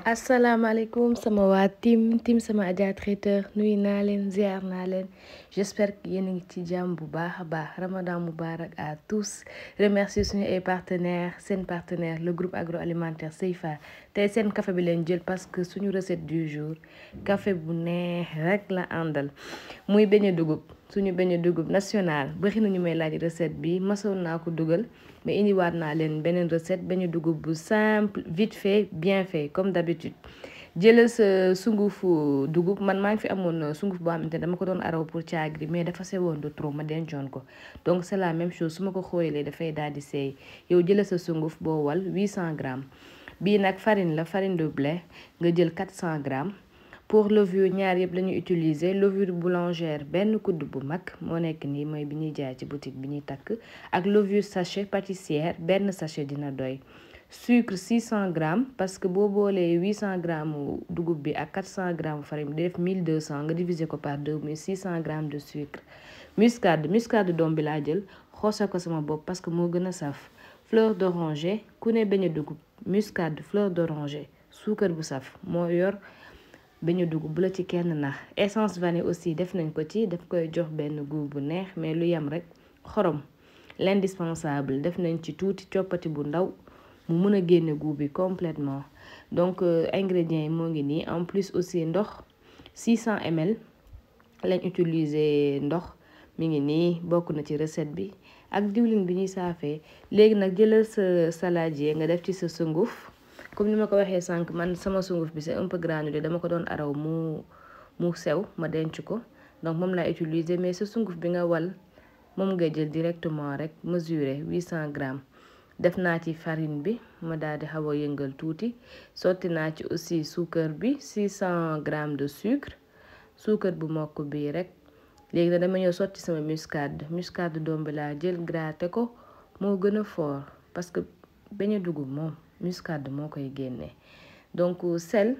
Assalamu sama waa tim tim sama Adja Traiteur nuyu naa ziar j'espère que yéen a ngi ci jàmm bu baax Ramadan Moubarak à tous remercie suñu et partenaires sen partenaires, le groupe agroalimentaire Seifa tey sen café bi len parce que suñu recette du jour café bu neex rek la andal. muy beñe dugub suñu une dugub national nañu may laaj recette mais recette simple vite fait bien fait comme d'habitude jëlal sa sungufu dugub man fi sunguf pour mais de trop ma donc c'est la même chose di yow 800 grammes farine la farine de blé nga jël 400 grammes pour levure ñaar yëpp lañu ñu utiliser levure boulangère ben kudd bu mak mo nek ni moy biñu ñuy jaay ci boutique biñu tak ak levure sachet pâtissière ben sachet dina doy sucre 600 grammes parce que bo bolé 800 grammes dugub bi ak 400 grammes farine def 1200 nga diviser ko par 2 600 grammes de sucre muscade muscade doom bi jël xoose ko sama bop parce que mo gëna saf fleur d'oranger kune ne dugub muscade fleur d'oranger sucre, bu saf mo yor ba ñu dugg bu la ci kenn nax essence vanille aussi def nañ ko ci daf koy jox benn goût bu neex mais lu yam rek xorom l'indispensable def nañ ci tuuti coppati bu ndaw mu mën a génne bi complètement donc euh, ingrédients yi ngi nii en plus aussi ndox 600 ml lañ utiliser ndox mi ngi nii bokk na ci recette bi ak diwlin bi ñuy saafee léegi nag jëlal sa saladier nga def ci sa comme ni ma ko waxee sànq man sama sunguf bi c'est un peu granulé dama ko doon araw mu mu sew ma denc ko donc moom laa utiliser mais sa sunguf bi nga wal moom nga jël directement rek mesurer cent grammes def naa ci farine bi ma daal di xaw a yëngal tuuti sotti naa ci aussi suukar bi cent grammes de sucre suukar bu mokk bii rek léegi nag dama ñëw sotti sama muscade muscade doom bi laa jël gratter ko moo gën a fort parce que beñe dugub moom muscade donc euh, sel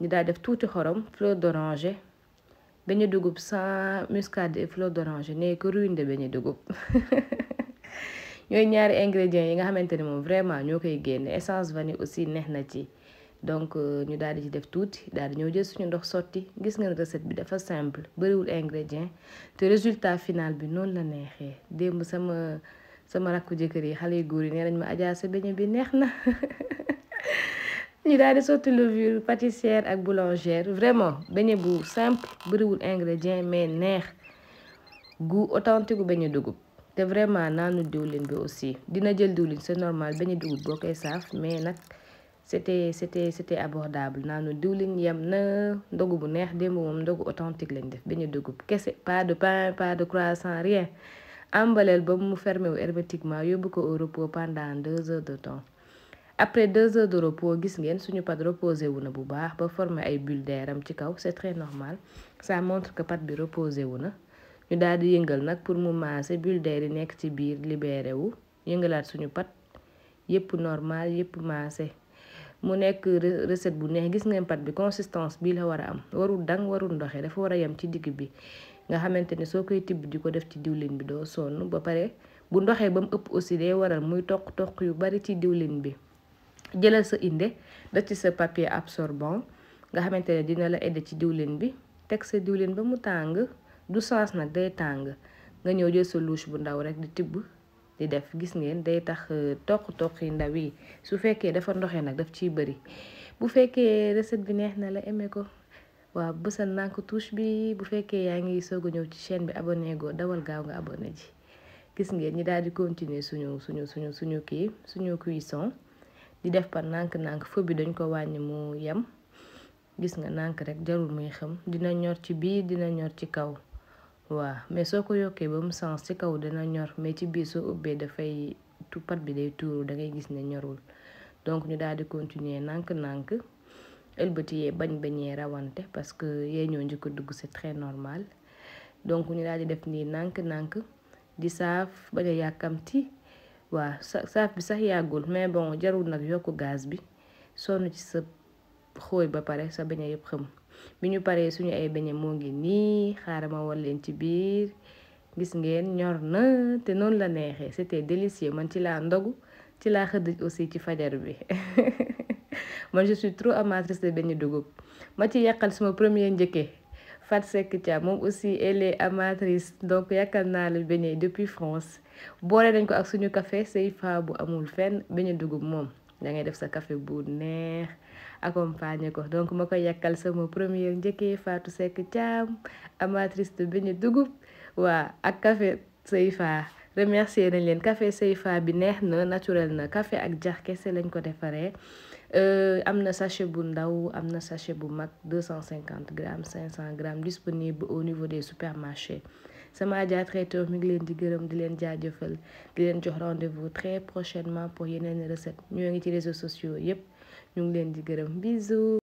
nous avons def tuuti xorom fleur d'oranger de dugub sans muscade et fleur d'oranger que ruine de dugub ingrédients yi nga vraiment essence vanille aussi donc euh, def jël recette simple résultat final sama rakku jëkkër yi xale yu góor yi nee nañ ma Adja sa beñe bi neex na ñu daal di sotti levure pâtissière ak boulangère vraiment beñe bu simple bëriwul ingrédient mais neex goût authentique bu beñe dugub te vraiment naanu diwlin bi aussi dina jël diwlin c'est normal beñe dugub boo koy saaf mais nag c'était c'était c'était abordable naanu diwlin yem na ndogu bu neex démb moom ndogu authentique lañ def beñe dugub kese pas de pain pas de croissant rien embaleel ba mu fermé wu hermétiquement yóbbu ko au repos pendant deux heures de temps après deux heures de repos gis ngeen suñu pat reposé wu na bu baax ba formé ay bulles d'air am ci kaw c'est très normal ça montre que pat bi reposé wu na ñu daal di yëngal nag pour mu maase bulles d'air yi nekk ci biir libéré wu yëngalaat suñu pat yépp normal yépp maase mu nekk recette bu neex gis ngeen pat bi consistance bii la war a am warul dang warul ndoxe dafa war a yem ci digg bi nga xamante ne soo koy tibb di ko def ci diwlin bi doo sonn ba pare bu ndoxee ba mu ëpp aussi day waral muy toq toq yu bari ci diwlin bi jëlal sa inde da ci sa papier absorbant nga xamante dina la aider ci diwlin bi teg sa diwlin ba mu tàng du sens nag day tàng nga ñëw jël sa louche bu ndaw rek di tibb di def gis ngeen day tax euh, toq-toq yi ndaw yi su fekkee dafa ndoxee nag daf ciy bari bu fekkee recette bi neex na la aimé ko waaw bësal naa ko touche bi bu fekkee yaa ngi soog a ñëw ci chaîne bi abonné goo dawal gaaw nga abonné ji gis ngeen ñi daal di continuer suñu suñu suñu suñu kii suñu cuisson di def par nànk-nànk feu bi dañ ko wàññi mu yem gis nga nànk rek jarul muy xam dina ñor ci biir dina ñor ci kaw waaw mais soo ko yokkee ba mu sens ci kaw dina ñor mais ci biir soo ubbee dafay tu bi day tuuru da ngay gis ne ñorul donc ñu daal di continuer nànk-nànk ëlbati yee bañ bañee rawante parce que yee ñoo njëkk a dugg c'est très normal donc ñu daal di def nii nànk-nànk di saaf bañ a yàkkamti waaw saaf bi sax yàggul mais bon jarul nag yokk gaz bi sonn ci sa xooy ba pare sa beñe yëpp xëm bi ñu paree suñu ay beñe moo ngi nii xaaral ma wal leen ci biir gis ngeen ñor na te noonu la neexee c'était délicieux man ci laa ndogu ci laa xëdd aussi ci fajar bi man je suis trop amatrice de beignet dugub ma ci yàqal suma premier njëkkee Fat Seck Thiam moom aussi elle est amatrice donc yàqal naa la beignet depuis France boole nañ ko ak suñu sey Seifa bu amul fenn beignet dugub moom da ngay def sa café bu neex accompagner ko donc ma koy yàqal sama premier njëkkee Fatou sekk Thiam amatrice de beignet dugub waa ak café Seifa remercié nañ leen café Seifa bi neex na naturel na café ak jax kese lañ ko defaree euh, am na sachet bu ndaw am na sachet bu mag 250 grammes 500 grammes disponible au niveau des supermarchés sama ma Traiteur mi ngi leen di gërëm di leen jaajëfal di leen jox rendez-vous très prochainement pour yeneen recette ñu ngi ci réseaux sociaux yépp ñu ngi leen di gërëm bisous